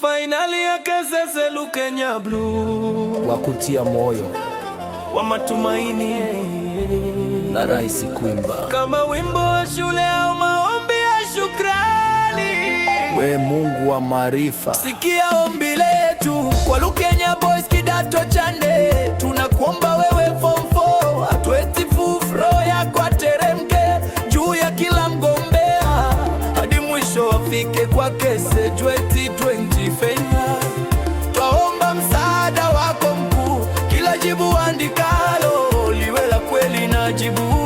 fainali ya Kasese Kenya Blue, wa kutia moyo wa matumaini na rahisi kuimba kama wimbo wa shule au maombi ya shukrani. We Mungu wa maarifa, sikia ombi letu kwa Lukenya Boys, kidato cha nne tufike kwake Sejweti 20 Fenya. Twaomba msaada wako mkuu, kila jibu andikalo liwe la kweli na jibu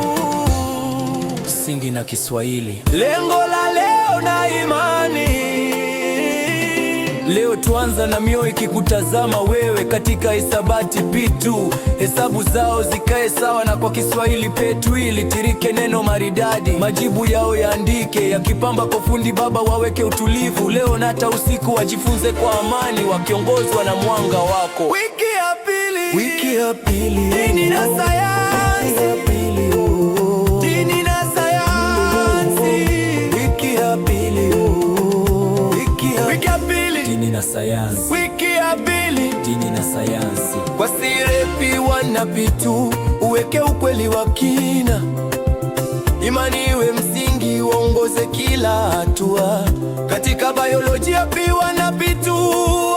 singi na Kiswahili, lengo la leo na imani Leo tuanza na mioyo ikikutazama wewe katika hisabati pitu hesabu zao zikae sawa, na kwa Kiswahili petu ilitirike neno maridadi, majibu yao yaandike, yakipamba kwa fundi baba, waweke utulivu leo na hata usiku, wajifunze kwa amani, wakiongozwa na mwanga wako. Wiki ya pili, wiki ya pili, dini na sayansi Wiki ya pili, Dini na sayansi. Wiki ya pili. Dini na sayansi viwa na vitu, uweke ukweli wa kina, imani iwe msingi, uongoze kila hatua. Katika biolojia viwa na vitu,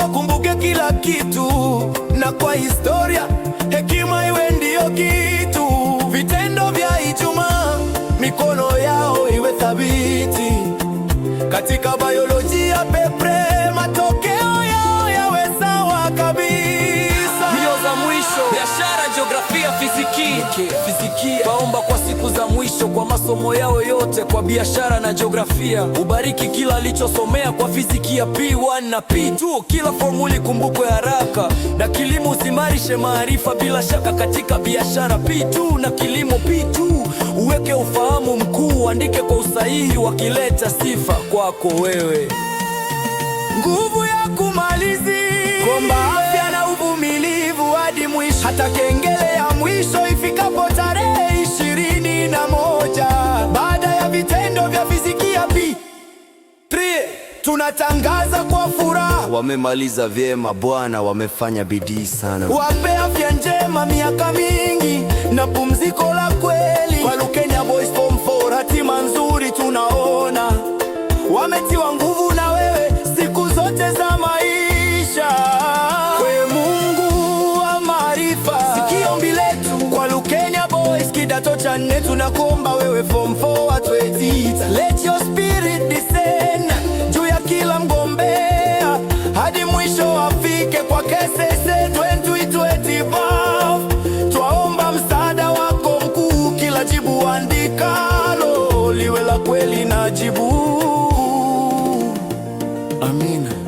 wakumbuke kila kitu, na kwa historia hekima iwe ndiyo kitu. Vitendo vya Ijumaa, mikono yao iwe thabiti katika biolojia yake fizikia, waomba kwa siku za mwisho, kwa masomo yao yote, kwa biashara na jiografia. Ubariki kila alichosomea kwa fizikia P1 na P2, kila formuli kumbukwe haraka, na kilimo uzimarishe maarifa bila shaka katika biashara P2 na kilimo P2, uweke ufahamu mkuu, uandike kwa usahihi, wakileta sifa kwako wewe. Nguvu ya kumalizi komba afya na uvumilivu hadi mwisho hata ke wanatangaza kwa furaha, wamemaliza vyema bwana, wamefanya bidii sana. Wape afya njema, miaka mingi na pumziko la kweli. Kwa Walukenya Boys Form 4 hatima nzuri tunaona, wametiwa nguvu na wewe siku zote za maisha. We Mungu wa maarifa, sikia ombi letu kwa Lukenya Boys kidato cha nne, tunakuomba wewe Form 4 Let your atwetiita mina